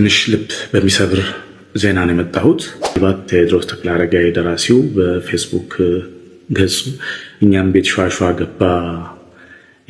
ትንሽ ልብ በሚሰብር ዜና ነው የመጣሁት። ባት ቴዎድሮስ ተክለአረጋዊ ደራሲው በፌስቡክ ገጹ እኛም ቤት ሸዋሸዋ ገባ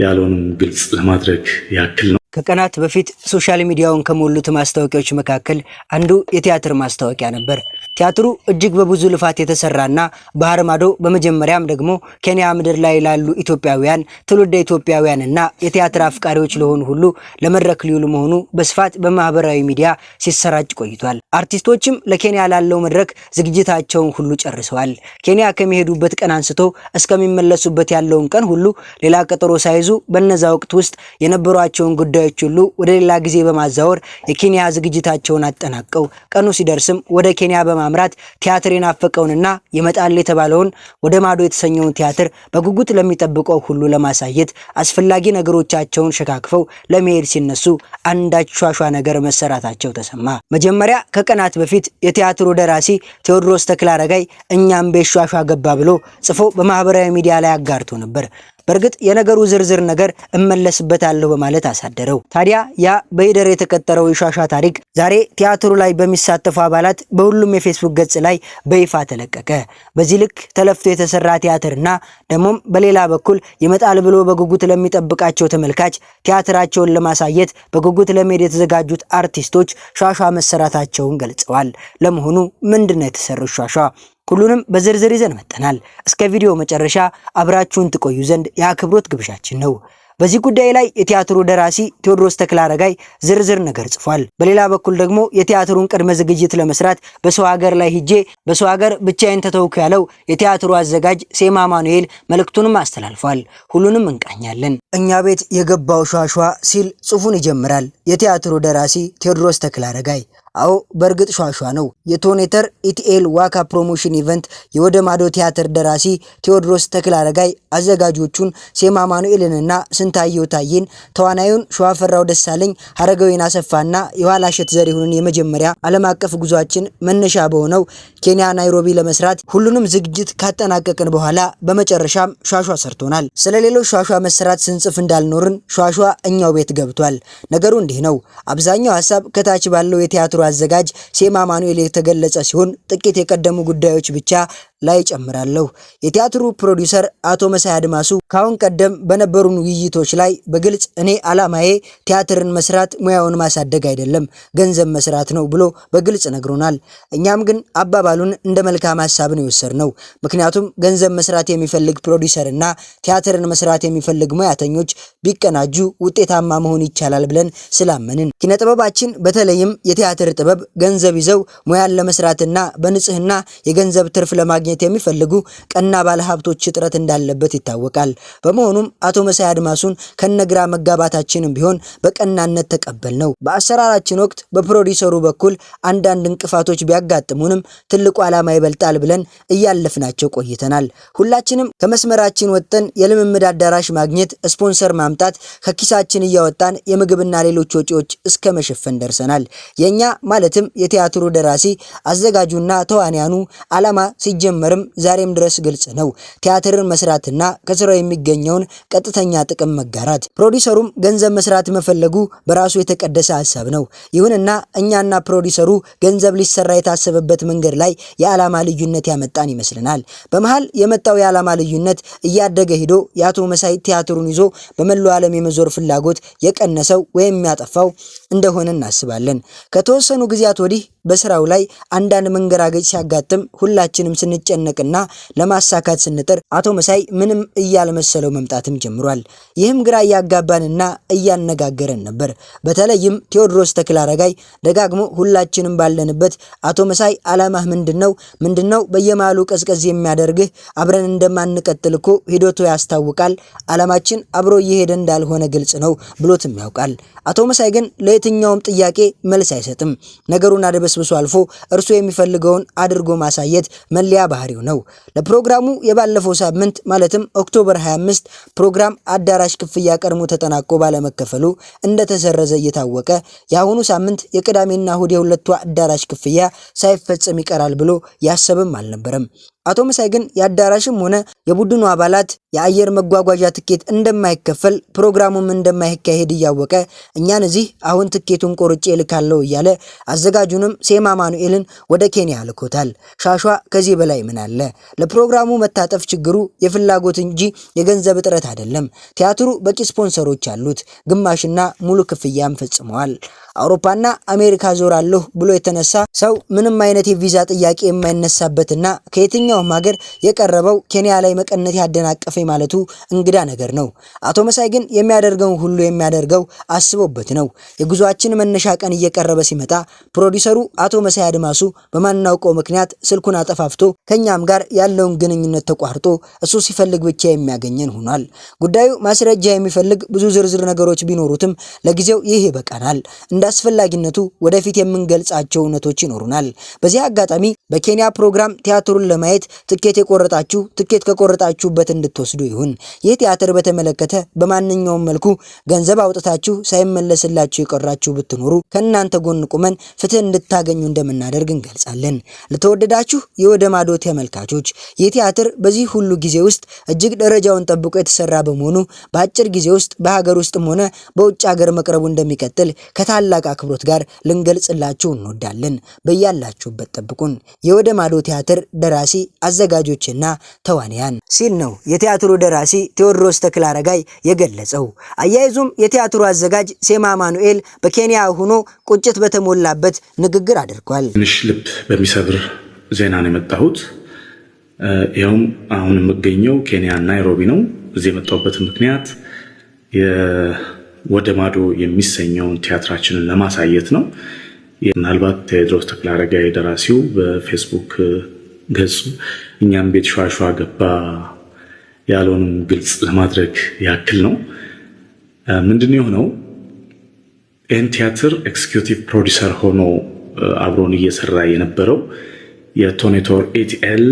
ያለውንም ግልጽ ለማድረግ ያክል ነው። ከቀናት በፊት ሶሻል ሚዲያውን ከሞሉት ማስታወቂያዎች መካከል አንዱ የቲያትር ማስታወቂያ ነበር። ቲያትሩ እጅግ በብዙ ልፋት የተሰራና ባህር ማዶ በመጀመሪያም ደግሞ ኬንያ ምድር ላይ ላሉ ኢትዮጵያውያን፣ ትውልደ ኢትዮጵያውያንና የቲያትር አፍቃሪዎች ለሆኑ ሁሉ ለመድረክ ሊውል መሆኑ በስፋት በማህበራዊ ሚዲያ ሲሰራጭ ቆይቷል። አርቲስቶችም ለኬንያ ላለው መድረክ ዝግጅታቸውን ሁሉ ጨርሰዋል። ኬንያ ከሚሄዱበት ቀን አንስቶ እስከሚመለሱበት ያለውን ቀን ሁሉ ሌላ ቀጠሮ ሳይዙ በነዛ ወቅት ውስጥ የነበሯቸውን ጉዳዮች ጉዳዮች ሁሉ ወደ ሌላ ጊዜ በማዛወር የኬንያ ዝግጅታቸውን አጠናቀው ቀኑ ሲደርስም ወደ ኬንያ በማምራት ቲያትር የናፈቀውንና ይመጣል የተባለውን ወደ ማዶ የተሰኘውን ቲያትር በጉጉት ለሚጠብቀው ሁሉ ለማሳየት አስፈላጊ ነገሮቻቸውን ሸካክፈው ለመሄድ ሲነሱ አንዳች ሿሿ ነገር መሰራታቸው ተሰማ። መጀመሪያ ከቀናት በፊት የቲያትሩ ደራሲ ቴዎድሮስ ተክለ አረጋይ እኛም ቤት ሿሿ ገባ ብሎ ጽፎ በማህበራዊ ሚዲያ ላይ አጋርቶ ነበር። በእርግጥ የነገሩ ዝርዝር ነገር እመለስበታለሁ በማለት አሳደረው። ታዲያ ያ በሂደር የተቀጠረው የሻሻ ታሪክ ዛሬ ቲያትሩ ላይ በሚሳተፉ አባላት በሁሉም የፌስቡክ ገጽ ላይ በይፋ ተለቀቀ። በዚህ ልክ ተለፍቶ የተሰራ ቲያትርና ደግሞም በሌላ በኩል ይመጣል ብሎ በጉጉት ለሚጠብቃቸው ተመልካች ቲያትራቸውን ለማሳየት በጉጉት ለመሄድ የተዘጋጁት አርቲስቶች ሻሻ መሰራታቸውን ገልጸዋል። ለመሆኑ ምንድን ነው የተሰሩት ሻሻ? ሁሉንም በዝርዝር ይዘን መጠናል። እስከ ቪዲዮ መጨረሻ አብራችሁን ትቆዩ ዘንድ የአክብሮት ግብዣችን ነው። በዚህ ጉዳይ ላይ የቲያትሩ ደራሲ ቴዎድሮስ ተክለ አረጋይ ዝርዝር ነገር ጽፏል። በሌላ በኩል ደግሞ የቲያትሩን ቅድመ ዝግጅት ለመስራት በሰው ሀገር ላይ ሂጄ በሰው ሀገር ብቻዬን ተተውኩ ያለው የቲያትሩ አዘጋጅ ሴማ ማኑኤል መልእክቱንም አስተላልፏል። ሁሉንም እንቃኛለን። እኛ ቤት የገባው ሿሿ ሲል ጽሑፉን ይጀምራል የቲያትሩ ደራሲ ቴዎድሮስ ተክለ አረጋይ አዎ በእርግጥ ሿሿ ነው። የቶኔተር ኢቲኤል ዋካ ፕሮሞሽን ኢቨንት የወደ ማዶ ቲያትር ደራሲ ቴዎድሮስ አረጋይ አዘጋጆቹን ሴማ ማኑኤልንና ስንታየው ታዬን፣ ተዋናዩን ሸዋፈራው ደሳለኝ፣ ሀረገዊን አሰፋና የኋላሸት ዘሪሁንን የመጀመሪያ ዓለም አቀፍ ጉዟችን መነሻ በሆነው ኬንያ ናይሮቢ ለመስራት ሁሉንም ዝግጅት ካጠናቀቅን በኋላ በመጨረሻም ሿሿ ሰርቶናል። ስለ ሌሎች ሿሿ መሰራት ስንጽፍ እንዳልኖርን ሿሿ እኛው ቤት ገብቷል። ነገሩ እንዲህ ነው። አብዛኛው ሀሳብ ከታች ባለው የቲያትሩ አዘጋጅ ሴማ ማኑኤል የተገለጸ ሲሆን ጥቂት የቀደሙ ጉዳዮች ብቻ ላይ ጨምራለሁ። የቲያትሩ ፕሮዲውሰር አቶ መሳይ አድማሱ ካሁን ቀደም በነበሩን ውይይቶች ላይ በግልጽ እኔ አላማዬ ቲያትርን መስራት ሙያውን ማሳደግ አይደለም፣ ገንዘብ መስራት ነው ብሎ በግልጽ ነግሮናል። እኛም ግን አባባሉን እንደ መልካም ሀሳብ ነው የወሰድነው። ምክንያቱም ገንዘብ መስራት የሚፈልግ ፕሮዲውሰር እና ቲያትርን መስራት የሚፈልግ ሙያተኞች ቢቀናጁ ውጤታማ መሆን ይቻላል ብለን ስላመንን ኪነጥበባችን በተለይም የቲያትር ጥበብ ገንዘብ ይዘው ሙያን ለመስራትና በንጽህና የገንዘብ ትርፍ ለማግኘት ማግኘት የሚፈልጉ ቀና ባለሀብቶች እጥረት እንዳለበት ይታወቃል። በመሆኑም አቶ መሳይ አድማሱን ከነግራ መጋባታችንም ቢሆን በቀናነት ተቀበል ነው። በአሰራራችን ወቅት በፕሮዲሰሩ በኩል አንዳንድ እንቅፋቶች ቢያጋጥሙንም ትልቁ ዓላማ ይበልጣል ብለን እያለፍናቸው ቆይተናል። ሁላችንም ከመስመራችን ወጥተን የልምምድ አዳራሽ ማግኘት፣ ስፖንሰር ማምጣት፣ ከኪሳችን እያወጣን የምግብና ሌሎች ወጪዎች እስከ መሸፈን ደርሰናል። የእኛ ማለትም የቲያትሩ ደራሲ አዘጋጁና ተዋንያኑ ዓላማ ሲጀምር ሲጀመርም ዛሬም ድረስ ግልጽ ነው። ቲያትርን መስራትና ከስራው የሚገኘውን ቀጥተኛ ጥቅም መጋራት። ፕሮዲሰሩም ገንዘብ መስራት መፈለጉ በራሱ የተቀደሰ ሀሳብ ነው። ይሁንና እኛና ፕሮዲሰሩ ገንዘብ ሊሰራ የታሰበበት መንገድ ላይ የዓላማ ልዩነት ያመጣን ይመስልናል። በመሃል የመጣው የዓላማ ልዩነት እያደገ ሂዶ የአቶ መሳይ ቲያትሩን ይዞ በመላው ዓለም የመዞር ፍላጎት የቀነሰው ወይም ያጠፋው እንደሆነ እናስባለን። ከተወሰኑ ጊዜያት ወዲህ በስራው ላይ አንዳንድ መንገራገጭ ሲያጋጥም ሁላችንም ስንጨነቅና ለማሳካት ስንጥር አቶ መሳይ ምንም እያልመሰለው መምጣትም ጀምሯል። ይህም ግራ እያጋባንና እያነጋገረን ነበር። በተለይም ቴዎድሮስ አረጋይ ደጋግሞ ሁላችንም ባለንበት አቶ መሳይ አላማህ ምንድን ነው? ምንድን ነው በየመሃሉ ቀዝቀዝ የሚያደርግህ? አብረን እንደማንቀጥል እኮ ሂደቱ ያስታውቃል። አላማችን አብሮ እየሄደ እንዳልሆነ ግልጽ ነው ብሎትም ያውቃል። አቶ መሳይ ግን ለየትኛውም ጥያቄ መልስ አይሰጥም። ነገሩን አደበስ አድበስብሶ አልፎ እርሱ የሚፈልገውን አድርጎ ማሳየት መለያ ባህሪው ነው። ለፕሮግራሙ የባለፈው ሳምንት ማለትም ኦክቶበር 25 ፕሮግራም አዳራሽ ክፍያ ቀድሞ ተጠናቆ ባለመከፈሉ እንደተሰረዘ እየታወቀ የአሁኑ ሳምንት የቅዳሜና እሁድ የሁለቱ አዳራሽ ክፍያ ሳይፈጸም ይቀራል ብሎ ያሰብም አልነበረም። አቶ መሳይ ግን የአዳራሽም ሆነ የቡድኑ አባላት የአየር መጓጓዣ ትኬት እንደማይከፈል ፕሮግራሙም እንደማይካሄድ እያወቀ እኛን እዚህ አሁን ትኬቱን ቆርጬ እልካለሁ እያለ አዘጋጁንም ሴማ ማኑኤልን ወደ ኬንያ ልኮታል። ሻሿ ከዚህ በላይ ምን አለ? ለፕሮግራሙ መታጠፍ ችግሩ የፍላጎት እንጂ የገንዘብ እጥረት አይደለም። ቲያትሩ በቂ ስፖንሰሮች አሉት። ግማሽና ሙሉ ክፍያም ፈጽመዋል። አውሮፓና አሜሪካ ዞራለሁ ብሎ የተነሳ ሰው ምንም አይነት የቪዛ ጥያቄ የማይነሳበትና ከየትኛውም ሀገር የቀረበው ኬንያ ላይ መቀነት ያደናቀፈ ማለቱ እንግዳ ነገር ነው። አቶ መሳይ ግን የሚያደርገውን ሁሉ የሚያደርገው አስቦበት ነው። የጉዞአችን መነሻ ቀን እየቀረበ ሲመጣ ፕሮዲሰሩ አቶ መሳይ አድማሱ በማናውቀው ምክንያት ስልኩን አጠፋፍቶ ከኛም ጋር ያለውን ግንኙነት ተቋርጦ እሱ ሲፈልግ ብቻ የሚያገኘን ሆኗል። ጉዳዩ ማስረጃ የሚፈልግ ብዙ ዝርዝር ነገሮች ቢኖሩትም ለጊዜው ይህ ይበቃናል። አስፈላጊነቱ ወደፊት የምንገልጻቸው እውነቶች ይኖሩናል። በዚህ አጋጣሚ በኬንያ ፕሮግራም ቲያትሩን ለማየት ትኬት የቆረጣችሁ ትኬት ከቆረጣችሁበት እንድትወስዱ ይሁን። ይህ ቲያትር በተመለከተ በማንኛውም መልኩ ገንዘብ አውጥታችሁ ሳይመለስላችሁ የቀራችሁ ብትኖሩ ከእናንተ ጎን ቁመን ፍትህ እንድታገኙ እንደምናደርግ እንገልጻለን። ለተወደዳችሁ የወደ ማዶ ተመልካቾች ይህ ቲያትር በዚህ ሁሉ ጊዜ ውስጥ እጅግ ደረጃውን ጠብቆ የተሰራ በመሆኑ በአጭር ጊዜ ውስጥ በሀገር ውስጥም ሆነ በውጭ ሀገር መቅረቡ እንደሚቀጥል ከታላ ታላቅ አክብሮት ጋር ልንገልጽላችሁ እንወዳለን። በያላችሁበት ጠብቁን። የወደ ማዶ ቲያትር ደራሲ አዘጋጆችና ተዋንያን ሲል ነው የቲያትሩ ደራሲ ቴዎድሮስ ተክል አረጋይ የገለጸው። አያይዙም የቲያትሩ አዘጋጅ ሴማ ማኑኤል በኬንያ ሆኖ ቁጭት በተሞላበት ንግግር አድርጓል። ትንሽ ልብ በሚሰብር ዜና ነው የመጣሁት። ይኸውም አሁን የምገኘው ኬንያ ናይሮቢ ነው። እዚህ የመጣሁበት ምክንያት ወደ ማዶ የሚሰኘውን ቲያትራችንን ለማሳየት ነው። ምናልባት ቴዎድሮስ ተክለአረጋዊ ደራሲው በፌስቡክ ገጹ እኛም ቤት ሸዋሸዋ ገባ ያለውንም ግልጽ ለማድረግ ያክል ነው። ምንድን የሆነው ይህን ቲያትር ኤክስኪዩቲቭ ፕሮዲሰር ሆኖ አብሮን እየሰራ የነበረው የቶኔቶር ኤቲኤል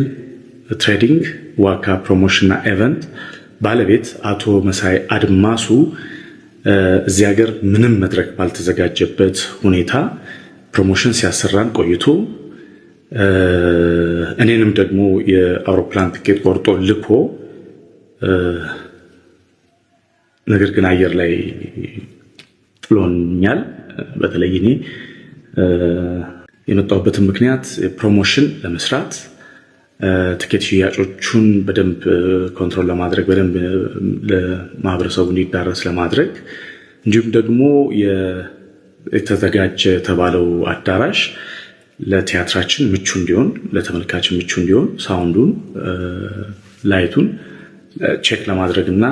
ትሬዲንግ ዋካ ፕሮሞሽንና ኤቨንት ባለቤት አቶ መሳይ አድማሱ እዚህ ሀገር ምንም መድረክ ባልተዘጋጀበት ሁኔታ ፕሮሞሽን ሲያሰራን ቆይቶ እኔንም ደግሞ የአውሮፕላን ትኬት ቆርጦ ልኮ ነገር ግን አየር ላይ ጥሎኛል። በተለይ እኔ የመጣሁበትን ምክንያት ፕሮሞሽን ለመስራት ትኬት ሽያጮቹን በደንብ ኮንትሮል ለማድረግ በደንብ ለማህበረሰቡ እንዲዳረስ ለማድረግ እንዲሁም ደግሞ የተዘጋጀ የተባለው አዳራሽ ለቲያትራችን ምቹ እንዲሆን፣ ለተመልካችን ምቹ እንዲሆን ሳውንዱን፣ ላይቱን ቼክ ለማድረግ እና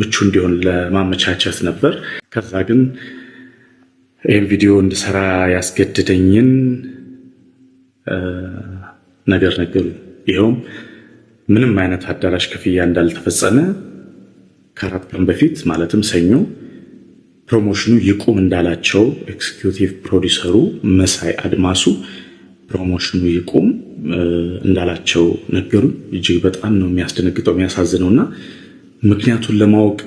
ምቹ እንዲሆን ለማመቻቸት ነበር። ከዛ ግን ይህም ቪዲዮ እንድሰራ ያስገድደኝን ነገር ነገሩ ይኸውም ምንም አይነት አዳራሽ ክፍያ እንዳልተፈጸመ ከአራት ቀን በፊት ማለትም ሰኞ ፕሮሞሽኑ ይቁም እንዳላቸው ኤክስኪዩቲቭ ፕሮዲሰሩ መሳይ አድማሱ ፕሮሞሽኑ ይቁም እንዳላቸው ነገሩ። እጅግ በጣም ነው የሚያስደነግጠው የሚያሳዝነው እና ምክንያቱን ለማወቅ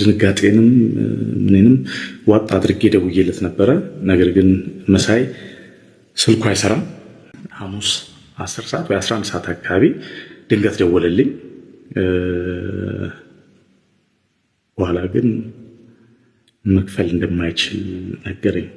ድንጋጤንም ምንም ዋጥ አድርጌ ደውዬለት ነበረ። ነገር ግን መሳይ ስልኩ አይሰራም ሐሙስ አስር ሰዓት ወይ አስራ አንድ ሰዓት አካባቢ ድንገት ደወለልኝ። በኋላ ግን መክፈል እንደማይችል ነገረኝ።